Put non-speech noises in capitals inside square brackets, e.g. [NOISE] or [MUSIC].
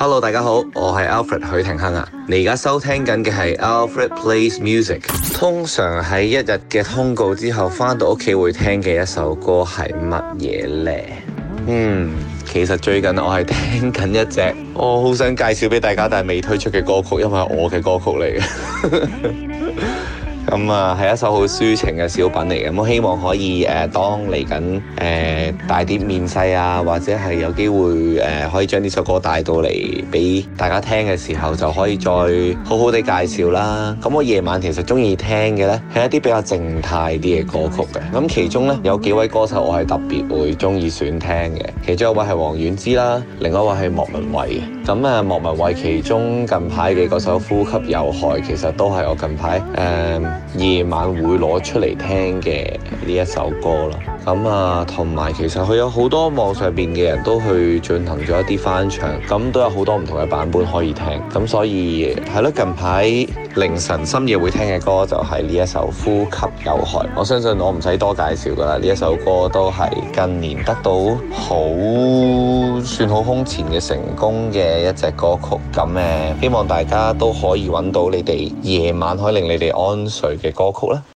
Hello，大家好，我係 Alfred 許廷鏗啊。你而家收聽緊嘅係 Alfred Plays Music。通常喺一日嘅通告之後，返到屋企會聽嘅一首歌係乜嘢呢？嗯，其實最近我係聽緊一隻我好想介紹俾大家，但係未推出嘅歌曲，因為我嘅歌曲嚟嘅。 [LAUGHS] 咁啊，係、嗯、一首好抒情嘅小品嚟嘅，咁、嗯、我希望可以誒、呃，當嚟緊誒啲面世啊，或者係有機會、呃、可以將呢首歌帶到嚟俾大家聽嘅時候，就可以再好好地介紹啦。咁、嗯、我夜晚其實鍾意聽嘅呢，係一啲比較靜態啲嘅歌曲嘅。咁、嗯、其中呢，有幾位歌手，我係特別會鍾意選聽嘅。其中一位係王菀之啦，另一位係莫文蔚。咁、嗯、啊、嗯，莫文蔚其中近排嘅嗰首《呼吸有害》，其實都係我近排誒。嗯夜晚會攞出嚟聽嘅呢一首歌啦。同埋其實佢有好多網上面嘅人都去進行咗一啲翻唱，咁都有好多唔同嘅版本可以聽。咁所以係咯，近排凌晨深夜會聽嘅歌就係呢一首《呼吸有害》。我相信我唔使多介紹㗎喇，呢一首歌都係近年得到好算好空前嘅成功嘅一隻歌曲。咁誒，希望大家都可以揾到你哋夜晚可以令你哋安睡嘅歌曲啦。